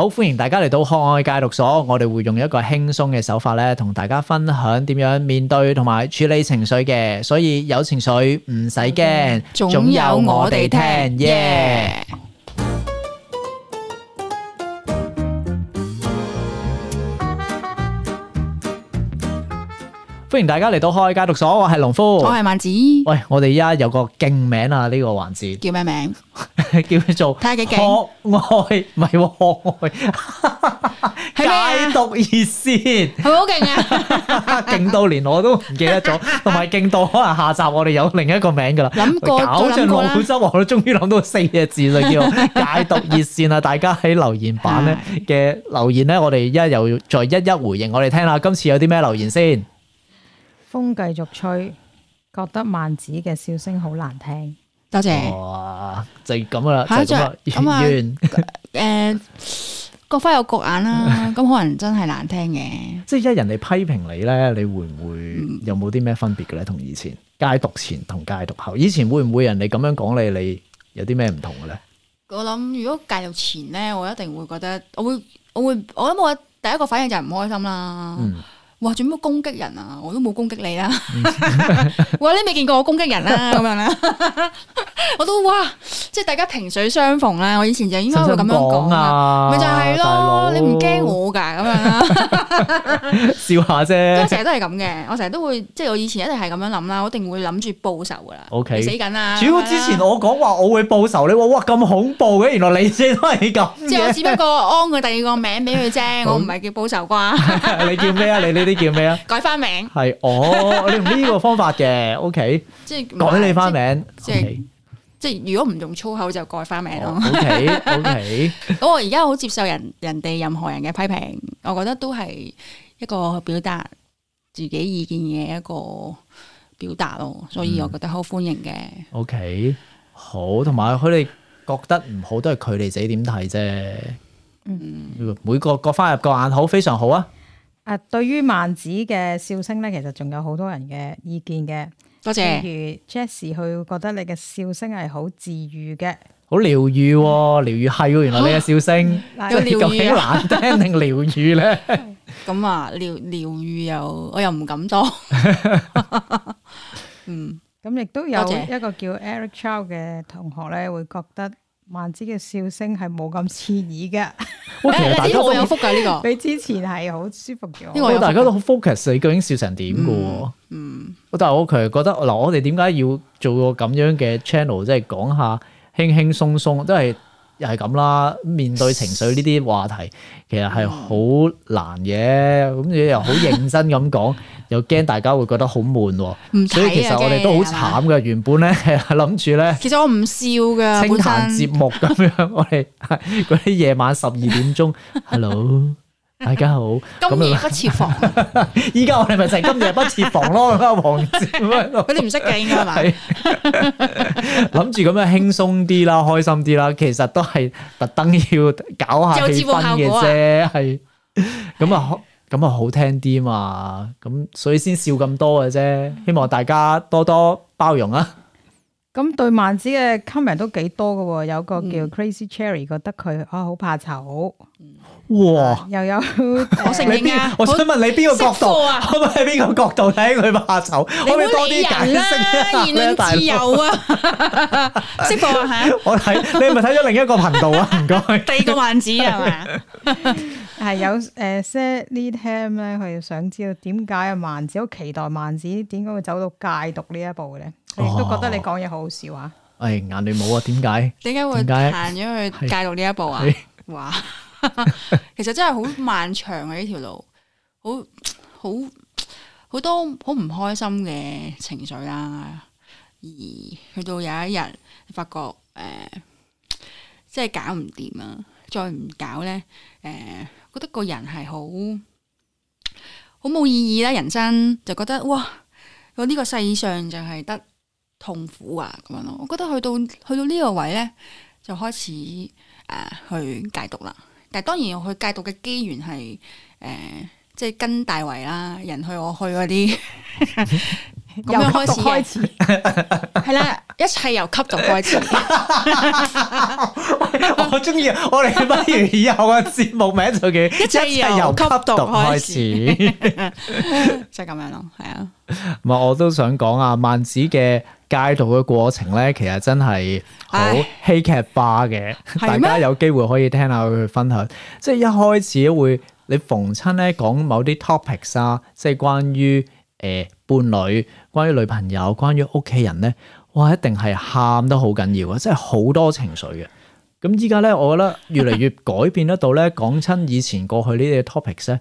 好，歡迎大家嚟到渴愛戒毒所，我哋會用一個輕鬆嘅手法咧，同大家分享點樣面對同埋處理情緒嘅，所以有情緒唔使驚，仲有我哋聽，耶！歡迎大家嚟到渴愛戒毒所，我係農夫，我係萬子。喂，我哋依家有個勁名啊！呢、這個環節叫咩名？ 叫做睇下幾勁，渴愛，唔係渴愛 戒毒熱線，係咪好勁啊？勁 到連我都唔記得咗，同埋勁到可能下集我哋有另一個名噶啦。諗過諗虎啦，我都終於諗到四隻字就叫戒毒熱線啊。 大家喺留言版咧嘅留言咧，我哋依家又再一,一一回應我哋聽下今次有啲咩留言先？風繼續吹，覺得萬子嘅笑聲好難聽。多謝，謝，就咁啦，就咁啦。演員、啊，誒，各花有各眼啦，咁 可能真係難聽嘅。即係一人哋批評你咧，你會唔會有冇啲咩分別嘅咧？同、嗯、以前戒毒前同戒毒後，以前會唔會人哋咁樣講你，你有啲咩唔同嘅咧？我諗如果戒毒前咧，我一定會覺得，我會，我會，我諗我，我第一個反應就係唔開心啦。嗯哇！做乜攻擊人啊？我都冇攻擊你啦！ 哇！你未見過我攻擊人啦、啊？咁樣啦！我都哇！即係大家萍水相逢啦、啊！我以前就應該會咁樣講啊！咪、啊、就係咯！哥你唔驚我噶咁樣啦！ 笑下啫，我成日都係咁嘅。我成日都會，即係我以前一定係咁樣諗啦，我一定會諗住報仇噶啦。O K，死緊啦。主要之前我講話我會報仇，你話，嘩咁恐怖嘅，原來你都係咁。即係我只不過安個第二個名俾佢啫，我唔係叫報仇啩。你叫咩啊？你呢啲叫咩啊？改翻名係哦，你唔知呢個方法嘅。O K，即係改你翻名。即係如果唔用粗口就改翻名。咯。O K O K。我而家好接受人人哋任何人嘅批評，我覺得都係一個表達自己意見嘅一個表達咯，所以我覺得好歡迎嘅。嗯、okay，好，同埋佢哋覺得唔好都係佢哋自己點睇啫。嗯，每個各花入各眼好，非常好啊。誒、啊，對於萬子嘅笑聲咧，其實仲有好多人嘅意見嘅。多謝。如 Jesse 佢會覺得你嘅笑聲係好治愈嘅，好療愈，療愈係喎。原來你嘅笑聲，有療愈啊？難聽定療愈咧？咁啊，療療愈又，我又唔敢當。 嗯，咁亦都有一個叫 Eric Chow 嘅同學咧，會覺得。萬枝嘅笑聲係冇咁刺耳嘅， OK 大家我有 focus 呢個，比之前係好舒服咗。因為大家都好 focus，、欸、你，你究竟笑成點嘅，嗯？嗯，但係我其實覺得，嗱，我哋點解要做個咁樣嘅 channel，即係講下輕輕鬆鬆，即係又係咁啦。面對情緒呢啲話題， 其實係好難嘅，咁你又好認真咁講。 又驚大家會覺得好悶，所以其實我哋都好慘嘅。原本咧係諗住咧，其實我唔笑嘅，清談節目咁樣，我哋嗰啲夜晚十二點鐘，hello，大家好，今夜不設防。依家我哋咪成今夜不設防咯，黃子，你哋唔識計應該係諗住咁樣輕鬆啲啦，開心啲啦。其實都係特登要搞下氣氛嘅啫，係咁啊！咁啊，好聽啲嘛，咁所以先笑咁多嘅啫，希望大家多多包容啊、嗯！咁、嗯啊、對萬子嘅 comment 都幾多㗎喎，有個叫 Crazy Cherry 覺得佢啊好怕醜。嗯哇！又有我識你啊！我想問你邊個角度啊？可唔可以喺邊個角度睇佢下手？可唔可以多啲解釋咧？自由啊！即係嚇我睇你係咪睇咗另一個頻道啊？唔該，第二個萬子係嘛？係有誒些呢聽咧，佢想知道點解啊？萬子好期待萬子，點解會走到戒毒呢一步嘅咧？我亦都覺得你講嘢好好笑啊。誒眼淚冇啊？點解？點解會行咗去戒毒呢一步啊？哇！ 其實真係好漫長嘅呢條路，好好好多好唔開心嘅情緒啦，而去到有一日發覺，誒、呃，即係搞唔掂啊，再唔搞呢，誒、呃，覺得個人係好好冇意義啦，人生就覺得哇，我呢個世上就係得痛苦啊咁樣咯。我覺得去到去到呢個位呢，就開始誒、呃、去戒毒啦。但係當然，我去戒毒嘅機緣係誒，即係跟大圍啦，人去我去嗰啲咁樣開始， 開始係 啦，一切由吸毒開始。我中意我哋不如以後嘅節目名就叫一切由吸毒開始， 就係咁樣咯，係啊。唔係我都想講啊，萬子嘅。街道嘅過程咧，其實真係好戲劇化嘅。係咩？ 大家有機會可以聽下佢去分享。即係一開始會，你逢親咧講某啲 topics 啊，即係關於誒伴侶、關於女朋友、關於屋企人咧，哇，一定係喊得好緊要啊！即係好多情緒嘅。咁依家咧，我覺得越嚟越改變得到咧，講親 以前過去呢啲 topics 咧。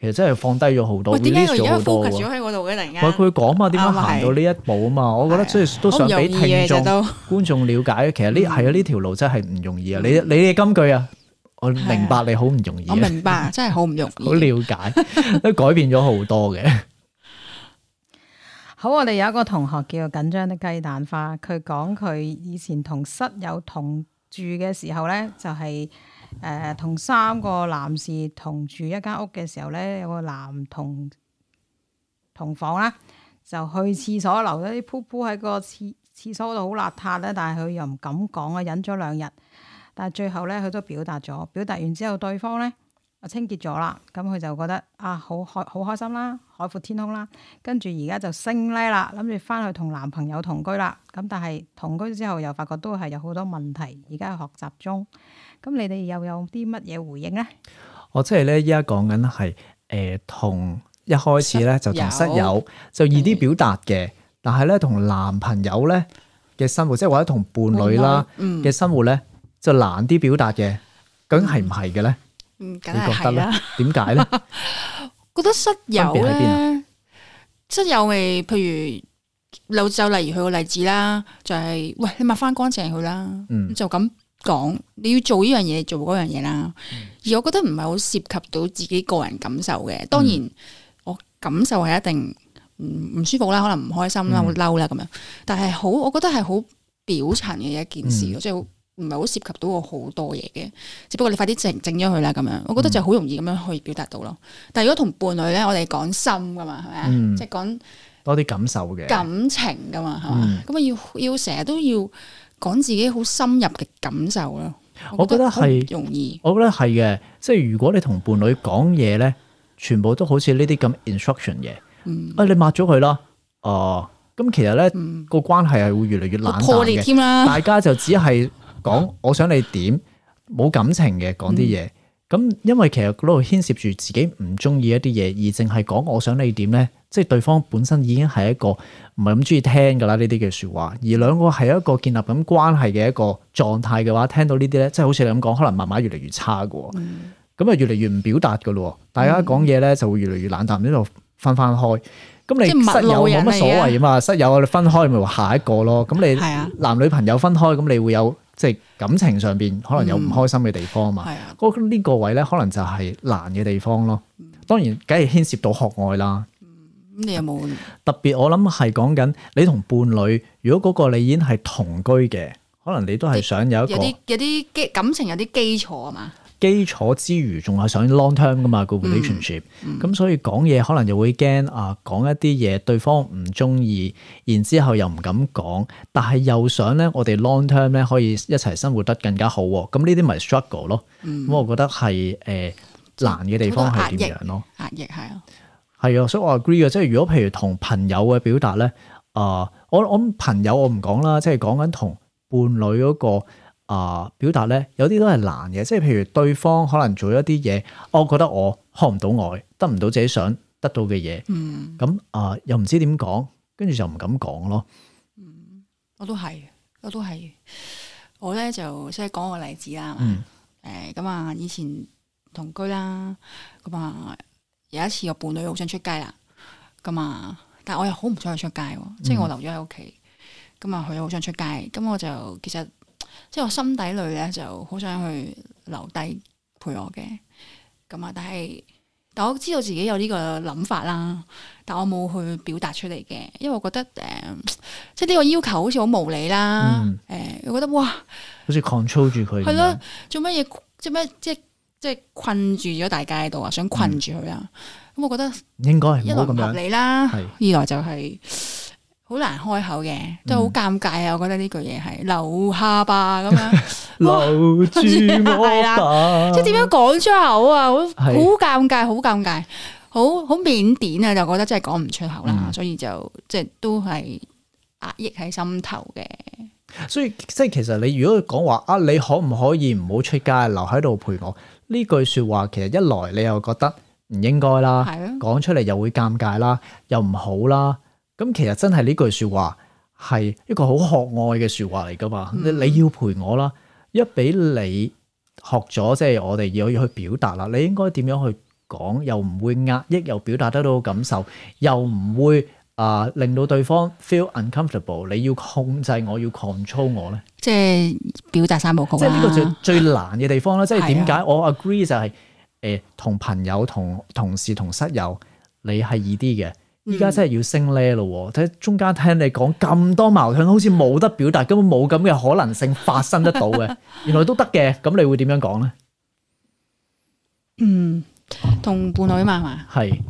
其實真係放低咗好多呢啲做。我而 s 喺嗰度嘅，突然間。佢講嘛，點樣行到呢一步啊？嘛，我覺得即係都想俾聽眾、觀眾了解，其實呢係啊呢條路真係唔容易啊！你你嘅金句啊，我明白你好唔容易。我明白，真係好唔容易。好了解都改變咗好多嘅。好，我哋有一個同學叫做緊張的雞蛋花，佢講佢以前同室友同。住嘅時候呢，就係、是、誒、呃、同三個男士同住一間屋嘅時候呢，有個男同同房啦，就去廁所留咗啲噗噗喺個廁廁所度好邋遢啦，但係佢又唔敢講啊，忍咗兩日，但係最後呢，佢都表達咗，表達完之後對方呢。我清潔咗啦，咁佢就覺得啊，好開好開心啦，海闊天空啦。跟住而家就升呢啦，諗住翻去同男朋友同居啦。咁但係同居之後又發覺都係有好多問題，而家學習中。咁你哋又有啲乜嘢回應咧？我即係咧，依家講緊係誒，同一開始咧就同室友就易啲表達嘅，但係咧同男朋友咧嘅生活，即係或者同伴侶啦嘅生活咧就難啲表達嘅，究竟係唔係嘅咧？嗯，梗係係啦，點解咧？覺得室友咧，室友咪譬如老周，例如佢個例子啦，就係喂，你抹翻乾淨佢啦，就咁講，你要做呢樣嘢，做嗰樣嘢啦。而我覺得唔係好涉及到自己個人感受嘅，當然我感受係一定唔唔舒服啦，可能唔開心啦，會嬲啦咁樣。但係好，我覺得係好表層嘅一件事咯，即係。唔係好涉及到我好多嘢嘅，只不過你快啲整整咗佢啦咁樣，我覺得就好容易咁樣去表達到咯。但係如果同伴侶咧，我哋講心噶嘛，係咪啊？即係講多啲感受嘅感情噶嘛，係嘛？咁啊要要成日都要講自己好深入嘅感受咯。我覺得係容易，我覺得係嘅。即係如果你同伴侶講嘢咧，全部都好似呢啲咁 instruction 嘢，啊你抹咗佢啦，哦，咁其實咧個關係係會越嚟越冷破裂添啦。大家就只係。講我想你點，冇感情嘅講啲嘢，咁、嗯、因為其實嗰度牽涉住自己唔中意一啲嘢，而淨係講我想你點咧，即係對方本身已經係一個唔係咁中意聽噶啦呢啲嘅說話，而兩個係一個建立緊關係嘅一個狀態嘅話，聽到呢啲咧，即係好似你咁講，可能慢慢越嚟越差噶，咁啊、嗯、越嚟越唔表達噶咯，大家講嘢咧就會越嚟越冷淡，呢度分翻開，咁、嗯、你室友冇乜所謂啊嘛，嗯、室友你、啊、分開咪話下一個咯，咁你男女朋友分開咁你會有。即係感情上邊可能有唔開心嘅地方嘛，嗰呢、嗯啊、個位咧可能就係難嘅地方咯。當然，梗係牽涉到渴愛啦。咁、嗯、你有冇特別？我諗係講緊你同伴侶，如果嗰個你已經係同居嘅，可能你都係想有一個有啲有啲基感情有啲基礎啊嘛。基礎之餘，仲係想 long term 㗎嘛，個 relationship，咁所以講嘢可能就會驚啊，講一啲嘢對方唔鍾意，然之後又唔敢講，但係又想咧，我哋 long term 咧可以一齊生活得更加好喎。咁、啊、呢啲咪 struggle 咯。咁、嗯、我覺得係誒、呃、難嘅地方係點樣咯？壓抑係啊，係啊，所以我 agree 啊，即係如果譬如同朋友嘅表達咧，啊，我我朋友我唔講啦，即係講緊同伴侶嗰、那個。啊、呃，表達咧有啲都係難嘅，即係譬如對方可能做一啲嘢，我、哦、覺得我學唔到愛，得唔到自己想得到嘅嘢，咁啊、嗯嗯、又唔知點講，跟住就唔敢講咯。我都係，我都係，我咧就即係講個例子啦。嗯，咁啊、呃，以前同居啦，咁、嗯、啊有一次我伴侶好想出街啦，咁、嗯、啊，但我又好唔想佢出街，嗯、即係我留咗喺屋企，咁啊佢又好想出街，咁我就其實。即係我心底裏咧，就好想去留低陪我嘅，咁啊！但係但我知道自己有呢個諗法啦，但我冇去表達出嚟嘅，因為我覺得誒、呃，即係呢個要求好似好無理啦。誒，我覺得哇，好似 control 住佢，係咯，做乜嘢？做咩？即係即係困住咗大家喺度啊！想困住佢啊！咁我覺得應該一來合理啦，的二來就係、是。好難開口嘅，都好尷尬啊！嗯、我覺得呢句嘢係留下吧咁樣， 留住我吧。 啊、即係點樣講出口啊？好好尷尬，好尷尬，好好靦腆啊！就覺得真係講唔出口啦，嗯、所以就即係都係壓抑喺心頭嘅。所以即係其實你如果講話啊，你可唔可以唔好出街，留喺度陪我？呢句說話其實一來你又覺得唔應該啦，是、啊、講出嚟又會尷尬啦，又唔好啦。咁其實真係呢句説話係一個好渴愛嘅説話嚟㗎嘛。你、嗯、你要陪我啦，一俾你學咗即係我哋要要去表達啦，你應該點樣去講？又唔會壓抑，又表達得到感受，又唔會啊、呃、令到對方 feel uncomfortable。你要控制我，要控制我要 control 我咧，即係表達三部曲即、啊。即係呢個最最難嘅地方咧，即係點解我 agree 就係、是、誒、呃、同朋友、同同事、同室友，你係易啲嘅。依家真係要升呢咯，睇中間聽你講咁多矛盾，好似冇得表達，根本冇咁嘅可能性發生得到嘅，原來都得嘅。咁你會點樣講咧？嗯，同伴侶嘛係嘛係。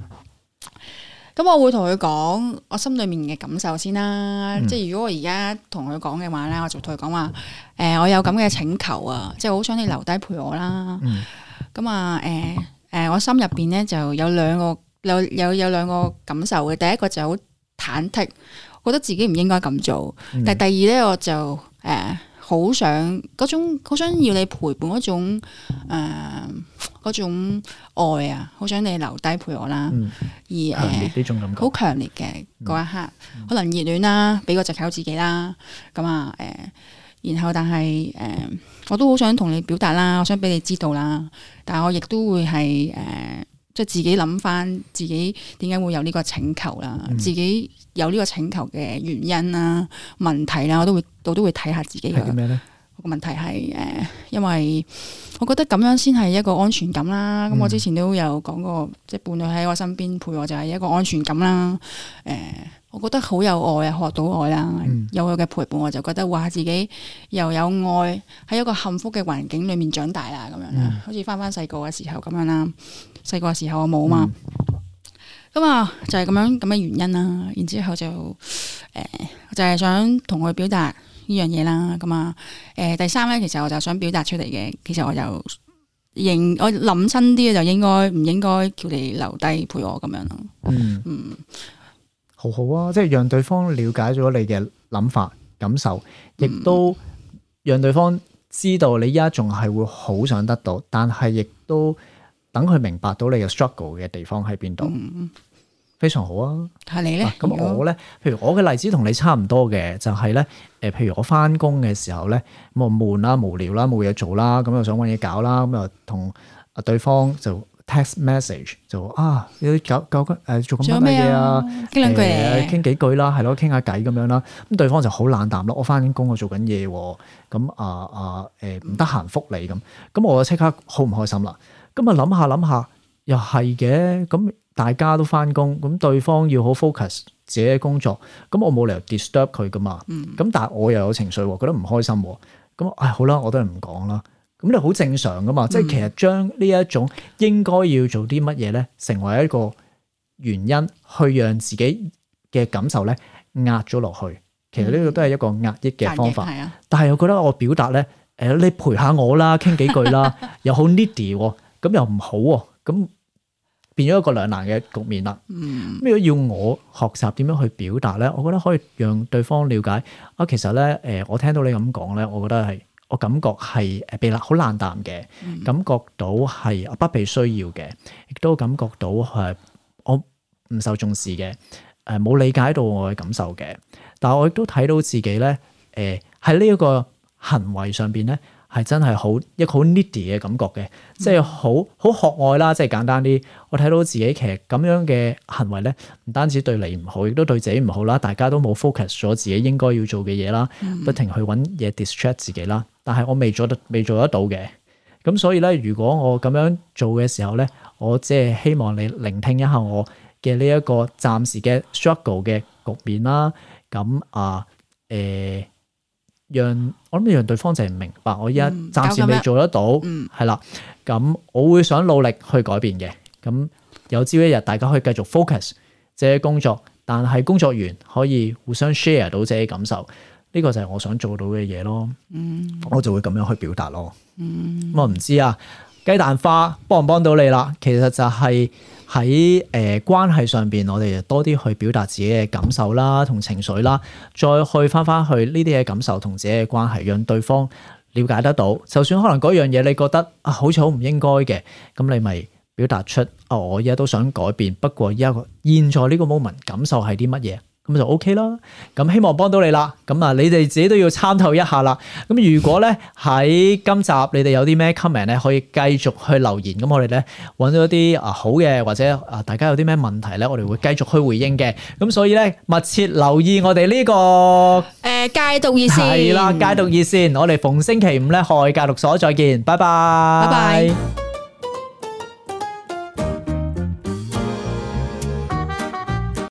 咁我會同佢講我心裏面嘅感受先啦。即係如果我而家同佢講嘅話咧，我就同佢講話，誒，我有咁嘅請求啊，即係好想你留低陪我啦。咁啊，誒，誒，我心入邊咧就有兩個。有有有兩個感受嘅，第一個就好忐忑，覺得自己唔應該咁做。但係第二咧，我就誒好、呃、想嗰種好想要你陪伴嗰種誒嗰、呃、種愛啊，好想你留低陪我啦。嗯、而呢種感覺好強、呃、烈嘅嗰一刻，嗯嗯、可能熱戀啦，俾個借口自己啦。咁、嗯、啊，誒、呃，然後但係誒、呃，我都好想同你表達啦，我想俾你知道啦。但係我亦都會係誒。呃即係自己諗翻自己點解會有呢個請求啦，嗯、自己有呢個請求嘅原因啦、嗯、問題啦，我都會我都會睇下自己係點咩咧。個問題係誒、呃，因為我覺得咁樣先係一個安全感啦。咁、嗯、我之前都有講過，即、就、係、是、伴侶喺我身邊陪我，就係一個安全感啦。誒、呃，我覺得好有愛啊，學到愛啦，嗯、有佢嘅陪伴，我就覺得話自己又有愛喺一個幸福嘅環境裏面長大啦，咁樣，好似翻翻細個嘅時候咁樣啦。細個時候我冇嘛，咁、嗯、啊就係、是、咁樣咁嘅原因啦。然之後就誒、呃，就係、是、想同佢表達呢樣嘢啦。咁啊誒，第三咧其實我就想表達出嚟嘅，其實我就認我諗親啲就應該唔應該叫你留低陪我咁樣咯。嗯嗯，嗯好好啊，即係讓對方了解咗你嘅諗法感受，亦都、嗯、讓對方知道你依家仲係會好想得到，但係亦都。等佢明白到你嘅 struggle 嘅地方喺邊度，嗯、非常好啊！係你咧？咁、啊、我咧，譬如我嘅例子同你差唔多嘅，就係咧，誒，譬如我翻工嘅時候咧，咁我悶啦、無聊啦、冇嘢做啦，咁又想搵嘢搞啦，咁啊，同啊對方就 text message 就啊，你搞搞緊誒，做緊咩嘢啊？傾兩句嚟，傾、欸、幾句啦，係咯，傾下偈咁樣啦。咁對方就好冷淡咯。我翻緊工，我做緊嘢，咁啊啊誒，唔得閒覆你咁。咁我即刻好唔開心啦。咁啊，諗下諗下，又係嘅。咁大家都翻工，咁對方要好 focus 自己嘅工作，咁我冇理由 disturb 佢噶嘛。咁、嗯、但係我又有情緒，覺得唔開心。咁、嗯、啊、哎，好啦，我都係唔講啦。咁你好正常噶嘛。嗯、即係其實將呢一種應該要做啲乜嘢咧，成為一個原因去讓自己嘅感受咧壓咗落去。其實呢個都係一個壓抑嘅方法。嗯、但係我覺得我表達咧，誒、哎，你陪下我啦，傾幾句啦，又好 needy。咁又唔好喎，咁變咗一個兩難嘅局面啦。咁如果要我學習點樣去表達咧，我覺得可以讓對方了解啊。其實咧，誒，我聽到你咁講咧，我覺得係，我感覺係被好冷淡嘅，感覺到係不被需要嘅，亦都感覺到係我唔受重視嘅，誒，冇理解到我嘅感受嘅。但係我亦都睇到自己咧，誒，喺呢一個行為上邊咧。係真係好一個好 needy 嘅感覺嘅，即係好好渴愛啦，即係簡單啲。我睇到自己其實咁樣嘅行為咧，唔單止對你唔好，亦都對自己唔好啦。大家都冇 focus 咗自己應該要做嘅嘢啦，不停去揾嘢 distract 自己啦。但係我未做得，未做得到嘅。咁所以咧，如果我咁樣做嘅時候咧，我即係希望你聆聽一下我嘅呢一個暫時嘅 struggle 嘅局面啦。咁啊，誒、欸。讓我諗，讓對方就明白、嗯、我依家暫時未做得到，係啦、嗯。咁我會想努力去改變嘅。咁有朝一日大家可以繼續 focus 這工作，但係工作完可以互相 share 到自己感受。呢、這個就係我想做到嘅嘢咯。嗯，我就會咁樣去表達咯。嗯，我唔知啊。雞蛋花幫唔幫到你啦？其實就係喺誒關係上邊，我哋多啲去表達自己嘅感受啦，同情緒啦，再去返返去呢啲嘅感受同自己嘅關係，讓對方了解得到。就算可能嗰樣嘢你覺得好似好唔應該嘅，咁你咪表達出啊，出哦、我依家都想改變，不過依家現在呢個 moment 感受係啲乜嘢？咁就 OK 啦，咁希望幫到你啦，咁啊你哋自己都要參考一下啦。咁如果咧喺今集你哋有啲咩 comment 咧，可以繼續去留言，咁我哋咧揾到啲啊好嘅，或者啊大家有啲咩問題咧，我哋會繼續去回應嘅。咁所以咧密切留意我哋呢個誒戒毒熱線，係啦戒毒熱線，我哋逢星期五咧開戒毒所再見，拜拜，拜拜。